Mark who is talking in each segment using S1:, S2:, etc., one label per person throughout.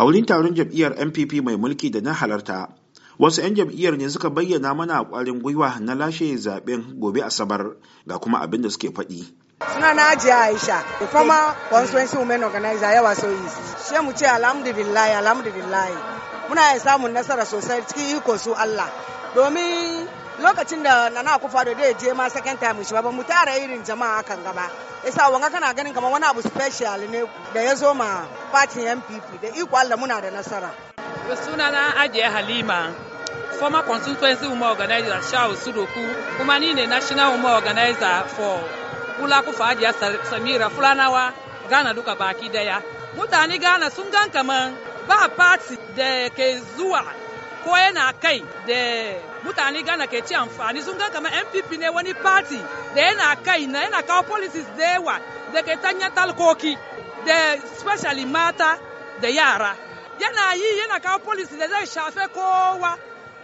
S1: a wurin taron jam'iyyar npp mai mulki da na halarta wasu 'yan jam'iyyar ne suka bayyana mana kwarin gwiwa na lashe zaɓen gobe asabar ga kuma abin da suke faɗi
S2: suna na ajiya aisha the former constituency women organizer yawa so east she mu ce alhamdulillahi alhamdulillahi muna ya samun nasara sosai cikin iko su allah domin lokacin da nana akufado da je ma second time shi ba mu tara irin jama'a kan gaba yasa wanga kana ganin kamar wani abu special ne da ya zo ma fatin MPP da iko Allah muna da nasara
S3: na Ajiye Halima former constituency woman organizer Shaw Sudoku kuma ni ne national woman organizer for Kufa Ajiya Samira Fulanawa Ghana duka baki daya mutane Ghana sun gan kamar ba party da ke zuwa ko yana kai da mutane gana ke ci amfani sun ga kamar npp ne wani party da yana kai na yana kawo policies da yawa da ke tanya talkoki da especially mata da yara yana yi yana kawo policy da zai shafe kowa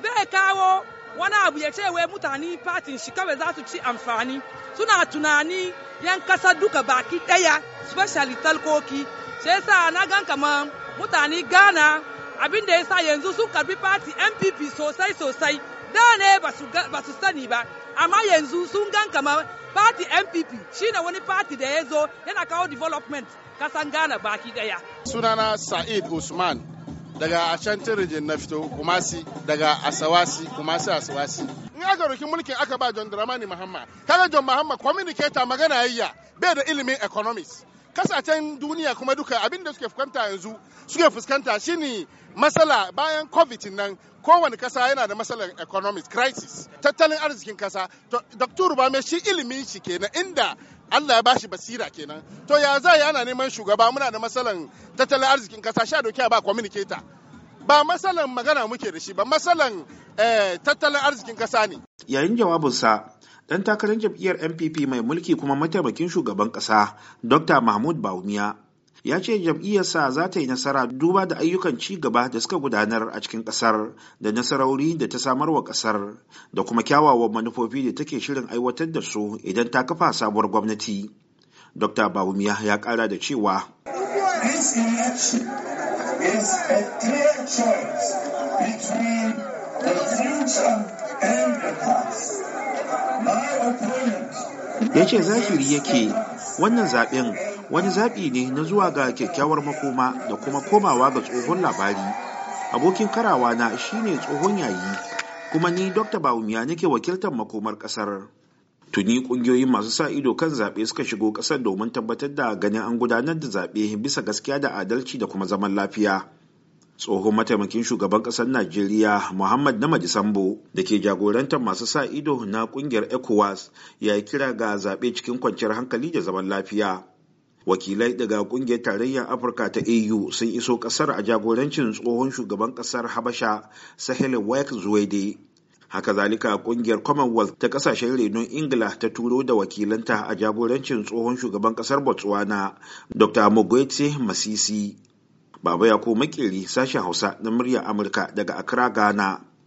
S3: bai kawo wani abu ya ce wai mutane fatin shi kawai za su ci amfani suna tunani yan kasa duka baki daya especially talkoki sai sa na gan kamar mutane gana abin da ya sa yanzu sun karbi fati npp sosai sosai da ne ba su sani ba amma yanzu sun gan kama party npp shine wani party da ya zo yana kawo development kasan ghana baki daya
S4: sunana sa'id usman daga ashanti region na fito kumasi daga asawasi kumasi asawasi in aka mulkin aka ba john dramani mahamma kaga john mahamma communicator magana yayya bai da ilimin economics kasashen duniya kuma duka abin da suke fuskanta yanzu suke fuskanta shi ne matsala bayan covid nan kowane kasa yana da matsalar economic crisis tattalin arzikin kasa to dr rubame shi ilimin shi kenan inda Allah ya shi basira kenan to ya za ana neman shugaba muna da matsalan tattalin arzikin kasa sha dokiya ba communicator ba matsalan magana muke da shi ba matsalan eh, tattalin arzikin
S1: kasa ne yayin jawabinsa dan takarar jam'iyyar npp mai mulki kuma mataimakin shugaban ƙasa dr mahmud baumiya ya ce jam'iyyarsa za ta yi nasara duba da ayyukan ci gaba da suka gudanar a cikin ƙasar da nasarori da ta samar wa ƙasar da kuma kyawawan manufofi da take shirin aiwatar da su idan ta kafa sabuwar gwamnati dr baumiya ya ƙara da cewa This is a clear choice between the ya ce zahiri yake wannan zaɓen wani zaɓi ne na zuwa ga kyakkyawar makoma da kuma komawa ga tsohon labari abokin karawa na shine tsohon yayi kuma ni dr bawumiya nake wakiltar makomar ƙasar tuni ƙungiyoyin masu sa ido kan zaɓe suka shigo ƙasar domin tabbatar da ganin an gudanar da zaɓe bisa gaskiya da adalci da kuma zaman lafiya tsohon mataimakin shugaban ƙasar najeriya muhammad na Sambo da ke jagorantar masu sa ido na ƙungiyar ecowas ya yi kira ga zaɓe cikin kwanciyar hankali da zaman lafiya wakilai daga ƙungiyar tarayyar afirka ta au sun iso ƙasar a jagorancin tsohon shugaban ƙasar habasha sahel wek zuwede haka zalika kungiyar commonwealth ta ƙasashen renon ingila ta turo da wakilanta a jagorancin tsohon shugaban ƙasar botswana dr mogwete masisi Baba ya Yakubu Makeri sashen Hausa na murya Amurka daga Accra, Ghana.